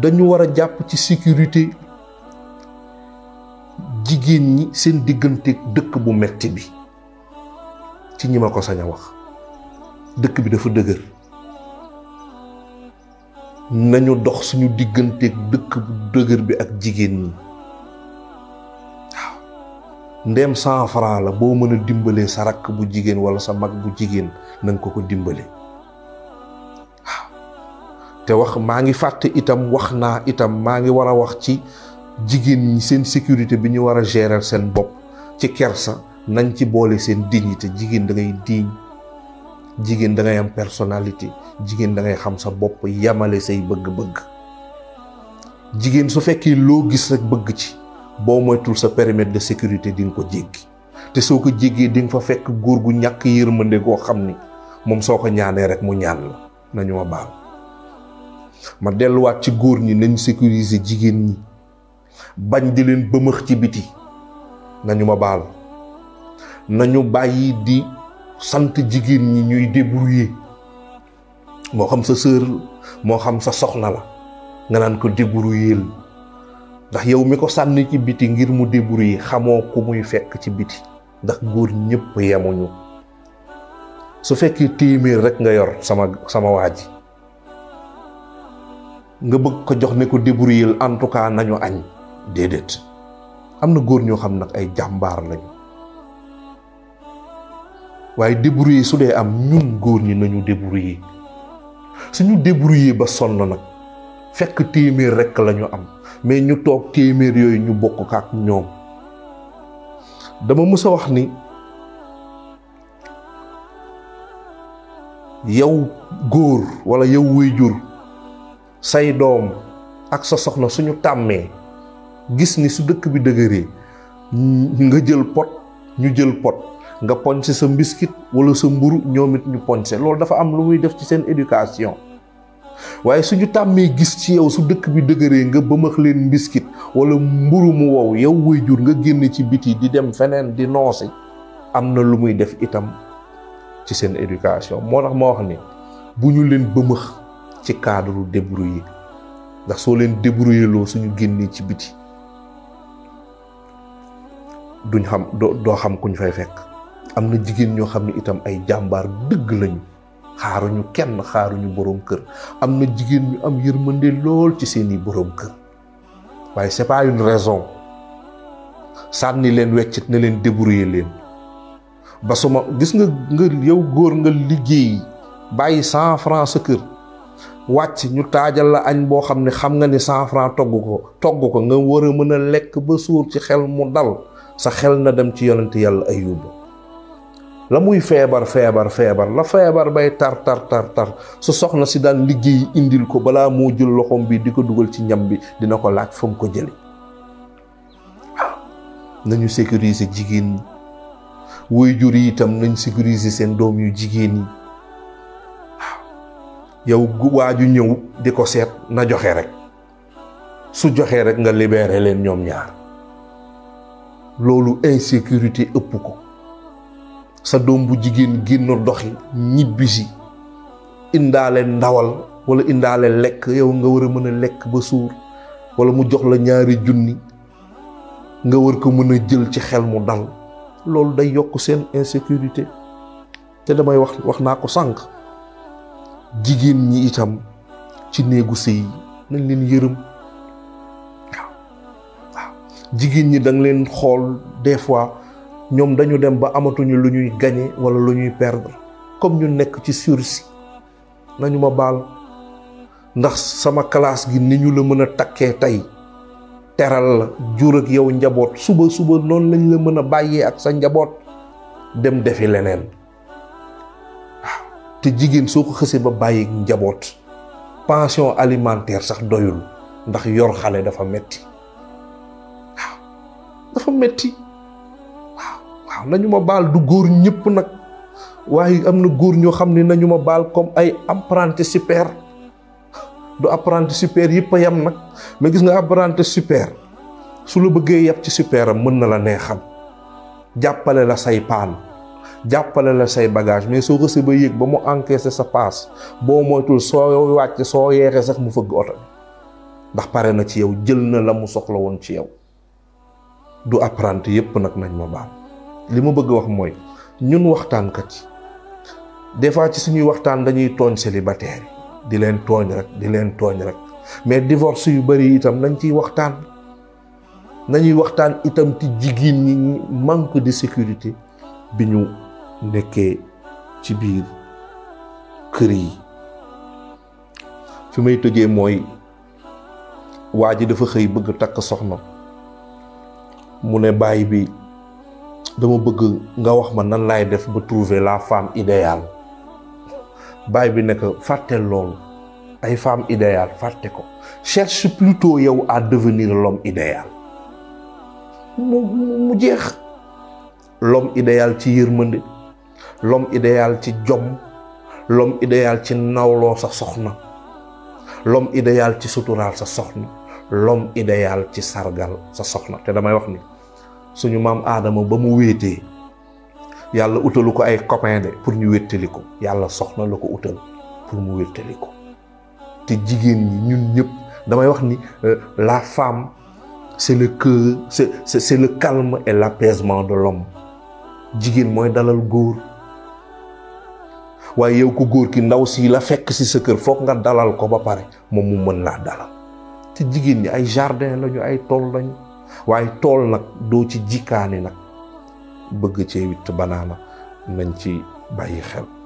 dañu wara japp security ci sécurité jigéen ñi seen diggante dëkk bu metti bi ci ñima ko saña wax dëkk bi dafa dëgër nañu dox suñu diggante dëkk bu dëgër bi ak jigéen ñi ndem cent franc la bo mëna dimbalé sa rak bu jigéen wala sa mag bu jigéen nang ko ko dimbalé te wax maa ngi itam waxna itam maa ngi war wax ci jigen ñi seen sécurité bi ñu wara gérer seen bop ci kersa nañ ci bolé seen dignité jigen da ngay diñ jigen da ngay am personnalité jigen da ngay xam sa bop yamale say bëgg-bëgg jigen su fekkee lo gis rek bëgg ci boo moytul sa périmètre de sécurité di ko jéggi te soko ko jéggee di nga fa fekk góor gu ñak yërmande go xamni mom soko ñaané rek mu ñaan la nañu ma baal ma delluwaat ci góor ñi nañ sécuriser jigéen ñi bañ di leen bëmëx ci biti nañu ma baal nañu bàyyi di sant jigéen ñi ñuy débrouiller moo xam sa sœur moo xam sa soxna la nga naan ko débrouiller ndax yow mi ko sànni ci biti ngir mu yi xamoo ku muy fekk ci biti ndax góor ñépp yemuñu su fekkee téeméer rek nga yor sama sama waa ji nga bëgg ko jox ne ko débrouiller en tout cas nañu añ déedéet am na góor ñoo xam nag ay jàmbaar lañu waaye débrouiller su dee am ñun góor ñi nañu débrouiller suñu débrouiller ba sonn nag fekk téeméer rekk lañu am mais ñu toog téeméer yooyu ñu bokk ko ak ñoom dama mës a wax ni yow góor walla yow wéy jur say dom ak sa soxna suñu tàmmee gis ni su dëkk bi dëgëree nga jël pot ñu jël pot nga poñse sa mbiskit wala sa mburu ñoom ñu loolu dafa am lu muy def ci seen éducation waaye suñu tàmmee gis ci yow su dëkk bi dëgëree nga bëmax leen mbiskit wala mburu mu wow yow way jur nga génn ci biti di dem feneen di noosi am na lu muy def itam ci seen éducation moo tax ma wax ni bu ñu leen ci cadre débrouillé ndax soo leen débrouillé loo suñu génnee ci biti duñ xam doo xam kuñ fay fekk am na jigéen ñoo xam ne itam ay jàmbaar dëgg lañu xaaruñu kenn xaaruñu boroom kër am na jigéen ñu am yërmande lool ci seeni boroom kër waaye c'est pas une raison sànni leen weccit na leen débrouillé leen ba suma gis nga nga yow góor nga liggéey bàyyi cent francs sa kër wacc ñu taajal la añ boo xam ne xam nga ni 100 francs togg ko togg ko nga war a mën a lekk ba suur ci xel mu dal sa xel na dem ci yonent yàlla ayub la muy feebar feebar feebar la feebar bay tar tar tar tar su soxna si daan liggéey indil ko balaa moo jël loxom bi di ko dugal ci ñam bi dina ko laaj fa ko jëli nañu sécuriser jigéen ñi woy jur itam nañ sécuriser seen doom yu jigéen yow waaju ñëw di ko seet na joxe rek su joxee rek nga libéré leen ñoom ñaar loolu insécurité ëpp ko sa doom bu jigéen génn doxi ñibbisi indaale ndawal wala indaale lekk yow nga war a mën a lekk ba suur wala mu jox la ñaari junni nga war ko mën a jël ci xel mu dal loolu day yokk seen insécurité te damay wax wax naa ko sànq jigéen ñi itam ci néegu sëy nañ leen yërëm jigéen ñi da leen xool des fois ñoom dañu dem ba amatuñu lu ñuy gagner wala lu ñuy perdre comme ñu nekk ci sursis nañu ma baal ndax sama classe gi ni ñu la mën a takkee tey teral la jur ak yow njaboot suba suba noonu lañ la mën a bàyyee ak sa njaboot dem defi leneen te jigéen soo ko jabot, ba bàyyi njaboot pension alimentaire sax doyul ndax yor xale dafa metti waaw dafa metti waaw waaw nañu ma baal du góor ñëpp nag waaye am na góor ñoo xam ne nañu ma baal comme ay apprenti super du apprenti super yëpp a yam nag mais gis nga apprenti super su la bëggee yab ci superam mën na la neexam jàppale la say paan jappale la say bagage mais so reçu ba yek ba mo encaisser sa paas boo moytul so wacc so yeexee sax mu fëgg auto ndax paré na ci yow jël na la mu soxla won ci yow du apprenti yépp nak nañ ma baam limu bëgg wax moy ñun waxtaan kat des fois ci suñu waxtaan dañuy togn célibataire di len togn rek di len togn rek mais divorce yu bari itam nañ ci waxtaan nañuy waxtaan itam ci jigine ni manque de sécurité biñu nekkee ci biir kër yi fi may tëjee mooy waa ji dafa xëy bëgg takk soxna mu ne baay bi dama bëgg nga wax ma nan laay def ba trouver la femme idéale baay bi ne ko fàtteel loolu ay femme idéale fàtte ko cherche plutôt yow à devenir l'homme idéal mu mu jeex l'homme idéal ci yërmande l'homme idéal ci jom l'homme idéal ci nawloo sa soxna l'homme idéal ci suturaal sa soxna l'homme idéal ci sargal sa soxna te damay wax ni suñu maam aadama ba mu wéetee yàlla utalu ko ay copain de pour ñu wéttali ko yàlla soxna la ko utal pour mu wéttali ko te jigéen ñi ñun ñëpp damay wax ni euh, la femme c'est le cœur c'est c'est calme et l'apaisement de l'homme jigéen mooy dalal góor waaye yow ku góor ki ndaw sii la fekk si sa kër foog nga dalal ko ba pare moom mu mën laa dalal te jigéen ñi ay jardin lañu ay tool lañu waaye tool nag doo ci jikkaani nag bëgg cee witt banaana nañ ci bàyyi xel